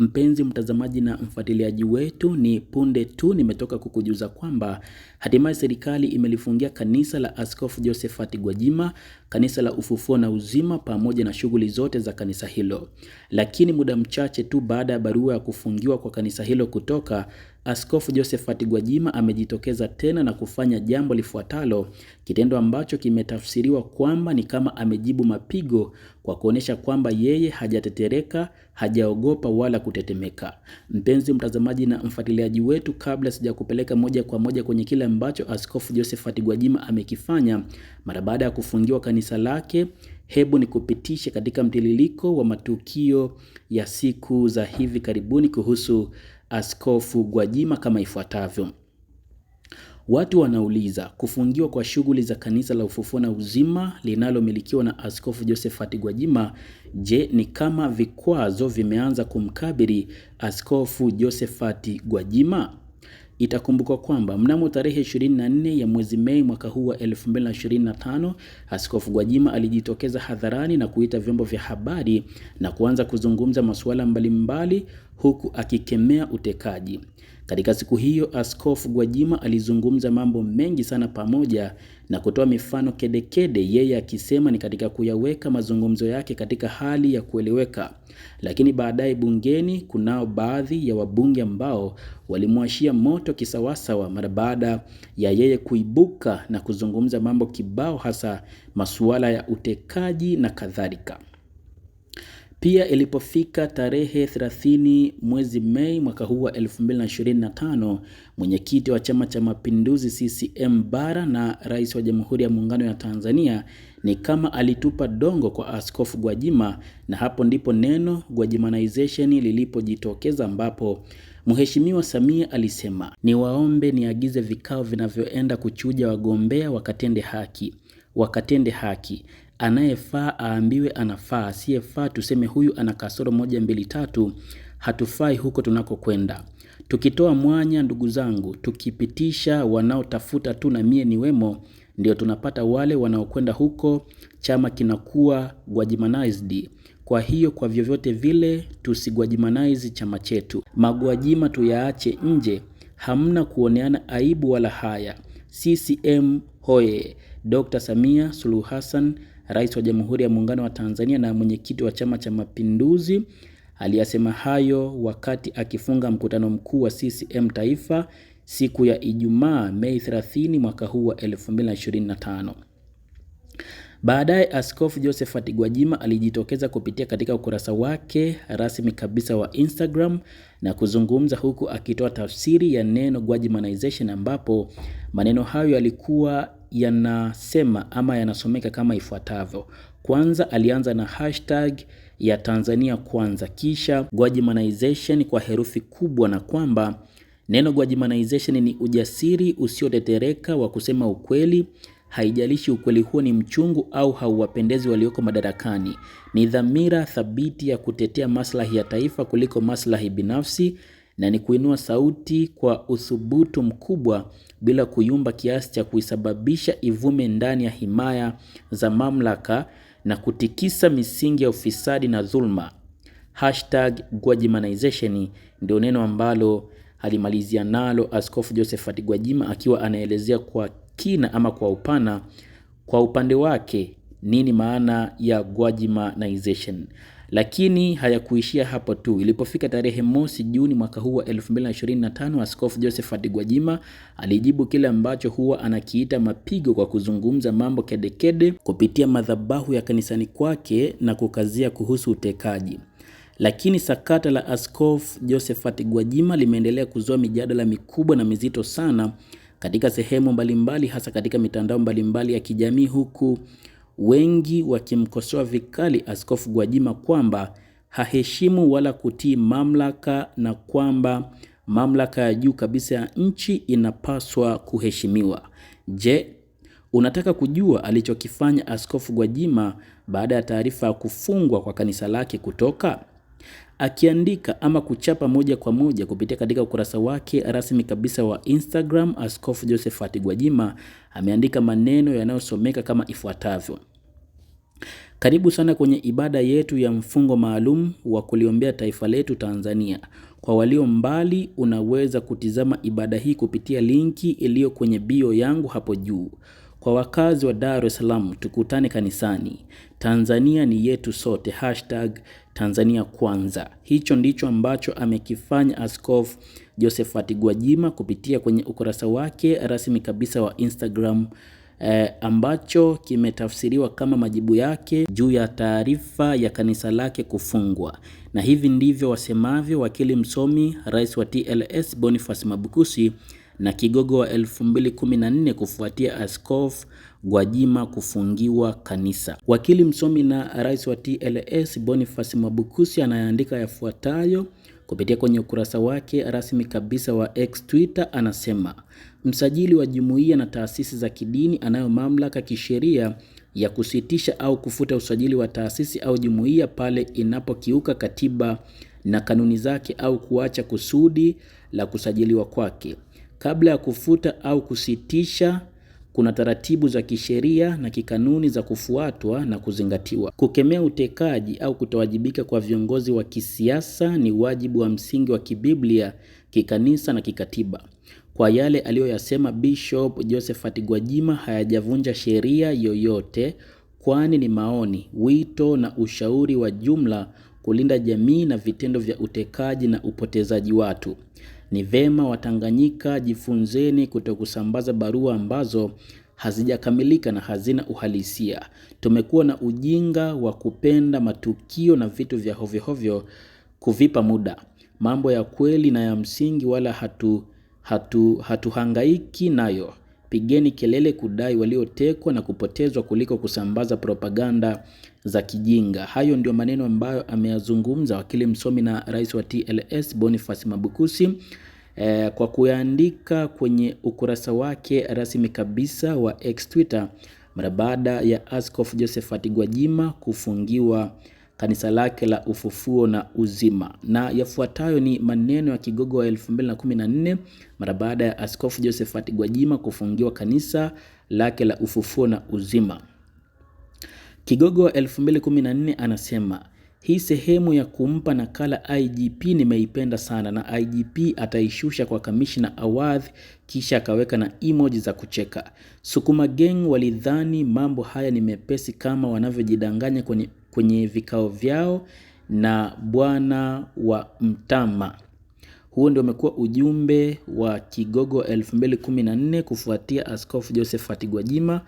Mpenzi mtazamaji na mfuatiliaji wetu, ni punde tu nimetoka kukujuza kwamba hatimaye serikali imelifungia kanisa la Askofu Josephat Gwajima, kanisa la Ufufuo na Uzima, pamoja na shughuli zote za kanisa hilo. Lakini muda mchache tu baada ya barua ya kufungiwa kwa kanisa hilo kutoka, Askofu Josephat Gwajima amejitokeza tena na kufanya jambo lifuatalo, kitendo ambacho kimetafsiriwa kwamba ni kama amejibu mapigo kwa kuonyesha kwamba yeye hajatetereka, hajaogopa wala kutetemeka. Mpenzi mtazamaji na mfuatiliaji wetu, kabla sijakupeleka moja kwa moja kwenye kile ambacho Askofu Josephat Gwajima amekifanya mara baada ya kufungiwa kanisa lake, hebu nikupitishe katika mtiririko wa matukio ya siku za hivi karibuni kuhusu Askofu Gwajima kama ifuatavyo. Watu wanauliza kufungiwa kwa shughuli za Kanisa la Ufufuo na Uzima linalomilikiwa na Askofu Josephat Gwajima, je, ni kama vikwazo vimeanza kumkabili Askofu Josephat Gwajima? Itakumbukwa kwamba mnamo tarehe 24 ya mwezi Mei mwaka huu wa 2025, Askofu Gwajima alijitokeza hadharani na kuita vyombo vya habari na kuanza kuzungumza masuala mbalimbali huku akikemea utekaji. Katika siku hiyo, Askofu Gwajima alizungumza mambo mengi sana pamoja na kutoa mifano kedekede kede, yeye akisema ni katika kuyaweka mazungumzo yake katika hali ya kueleweka. Lakini baadaye bungeni, kunao baadhi ya wabunge ambao walimwashia moto kisawasawa mara baada ya yeye kuibuka na kuzungumza mambo kibao, hasa masuala ya utekaji na kadhalika. Pia ilipofika tarehe 30 mwezi Mei mwaka huu wa 2025, mwenyekiti wa Chama cha Mapinduzi CCM Bara na rais wa Jamhuri ya Muungano ya Tanzania ni kama alitupa dongo kwa Askofu Gwajima, na hapo ndipo neno Gwajimanization lilipojitokeza ambapo Mheshimiwa Samia alisema, niwaombe niagize vikao vinavyoenda kuchuja wagombea wakatende haki wakatende haki Anayefaa aambiwe anafaa, asiyefaa tuseme huyu ana kasoro moja mbili tatu, hatufai huko tunakokwenda. Tukitoa mwanya, ndugu zangu, tukipitisha wanaotafuta tu na mie niwemo, ndio tunapata wale wanaokwenda huko, chama kinakuwa Gwajimanized. Kwa hiyo kwa vyovyote vile tusigwajimanize chama chetu. Magwajima tuyaache nje, hamna kuoneana aibu wala haya. CCM hoye! Dr. Samia Suluhu Hassan Rais wa Jamhuri ya Muungano wa Tanzania na mwenyekiti wa Chama cha Mapinduzi aliyasema hayo wakati akifunga mkutano mkuu wa CCM Taifa siku ya Ijumaa Mei 30 mwaka huu wa 2025. Baadaye Askofu Josephat Gwajima alijitokeza kupitia katika ukurasa wake rasmi kabisa wa Instagram na kuzungumza huku akitoa tafsiri ya neno Gwajimanization ambapo maneno hayo yalikuwa yanasema ama yanasomeka kama ifuatavyo. Kwanza alianza na hashtag ya Tanzania kwanza, kisha Gwajimanization kwa herufi kubwa, na kwamba neno Gwajimanization ni ujasiri usiotetereka wa kusema ukweli Haijalishi ukweli huo ni mchungu au hauwapendezi walioko madarakani, ni dhamira thabiti ya kutetea maslahi ya taifa kuliko maslahi binafsi, na ni kuinua sauti kwa uthubutu mkubwa bila kuyumba kiasi cha kuisababisha ivume ndani ya himaya za mamlaka na kutikisa misingi ya ufisadi na dhulma. Hashtag Gwajimanization ndio neno ambalo alimalizia nalo Askofu Josephat Gwajima akiwa anaelezea kwa kina ama kwa upana, kwa upande wake nini maana ya Gwajimanization. Lakini hayakuishia hapo tu. Ilipofika tarehe mosi Juni mwaka huu wa 2025, Askofu Josephat Gwajima alijibu kile ambacho huwa anakiita mapigo kwa kuzungumza mambo kedekede kupitia madhabahu ya kanisani kwake na kukazia kuhusu utekaji. Lakini sakata la Askofu Josephat Gwajima limeendelea kuzua mijadala mikubwa na mizito sana katika sehemu mbalimbali, hasa katika mitandao mbalimbali ya kijamii, huku wengi wakimkosoa vikali Askofu Gwajima kwamba haheshimu wala kutii mamlaka na kwamba mamlaka ya juu kabisa ya nchi inapaswa kuheshimiwa. Je, unataka kujua alichokifanya Askofu Gwajima baada ya taarifa ya kufungwa kwa kanisa lake kutoka Akiandika ama kuchapa moja kwa moja kupitia katika ukurasa wake rasmi kabisa wa Instagram, Askofu Josephat Gwajima ameandika maneno yanayosomeka kama ifuatavyo: karibu sana kwenye ibada yetu ya mfungo maalum wa kuliombea taifa letu Tanzania. Kwa walio mbali, unaweza kutizama ibada hii kupitia linki iliyo kwenye bio yangu hapo juu. Kwa wakazi wa Dar es Salaam, tukutane kanisani. Tanzania ni yetu sote, hashtag Tanzania Kwanza. Hicho ndicho ambacho amekifanya Askofu Josephat Gwajima kupitia kwenye ukurasa wake rasmi kabisa wa Instagram eh, ambacho kimetafsiriwa kama majibu yake juu ya taarifa ya kanisa lake kufungwa. Na hivi ndivyo wasemavyo wakili msomi, rais wa TLS Boniface Mabukusi na kigogo wa 2014 kufuatia Askofu Gwajima kufungiwa kanisa. Wakili msomi na rais wa TLS Boniface Mwabukusi anayeandika yafuatayo kupitia kwenye ukurasa wake rasmi kabisa wa X Twitter, anasema msajili wa jumuiya na taasisi za kidini anayo mamlaka kisheria ya kusitisha au kufuta usajili wa taasisi au jumuiya pale inapokiuka katiba na kanuni zake au kuacha kusudi la kusajiliwa kwake. Kabla ya kufuta au kusitisha, kuna taratibu za kisheria na kikanuni za kufuatwa na kuzingatiwa. Kukemea utekaji au kutowajibika kwa viongozi wa kisiasa ni wajibu wa msingi wa kibiblia, kikanisa na kikatiba. Kwa yale aliyoyasema Bishop Josephat Gwajima hayajavunja sheria yoyote kwani ni maoni, wito na ushauri wa jumla kulinda jamii na vitendo vya utekaji na upotezaji watu. Ni vema Watanganyika jifunzeni kutokusambaza barua ambazo hazijakamilika na hazina uhalisia. Tumekuwa na ujinga wa kupenda matukio na vitu vya hovyohovyo kuvipa muda. Mambo ya kweli na ya msingi wala hatu hatu hatuhangaiki nayo. Pigeni kelele kudai waliotekwa na kupotezwa kuliko kusambaza propaganda za kijinga. Hayo ndio maneno ambayo ameyazungumza wakili msomi na rais wa TLS Boniface Mabukusi eh, kwa kuyaandika kwenye ukurasa wake rasmi kabisa wa X Twitter mara baada ya Askofu Josephat Gwajima kufungiwa kanisa lake la ufufuo na uzima. Na yafuatayo ni maneno ya kigogo wa 2014 mara baada ya Askofu Josephat Gwajima kufungiwa kanisa lake la ufufuo na uzima. Kigogo wa 2014 anasema hii sehemu ya kumpa nakala IGP nimeipenda sana, na IGP ataishusha kwa kamishna Awadhi, kisha akaweka na emoji za kucheka. Sukuma Gang walidhani mambo haya ni mepesi kama wanavyojidanganya kwenye kwenye vikao vyao na bwana wa mtama. Huo ndio umekuwa ujumbe wa Kigogo 2014 kufuatia Askofu Josephat Gwajima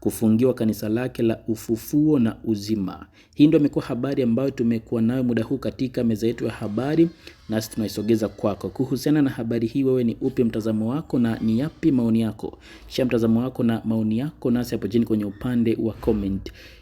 kufungiwa kanisa lake la Ufufuo na Uzima. Hii ndio imekuwa habari ambayo tumekuwa nayo muda huu katika meza yetu ya habari, nasi tunaisogeza kwako. Kuhusiana na habari hii, wewe ni upi mtazamo wako na ni yapi maoni yako? Shia mtazamo wako na maoni yako nasi hapo chini kwenye upande wa comment.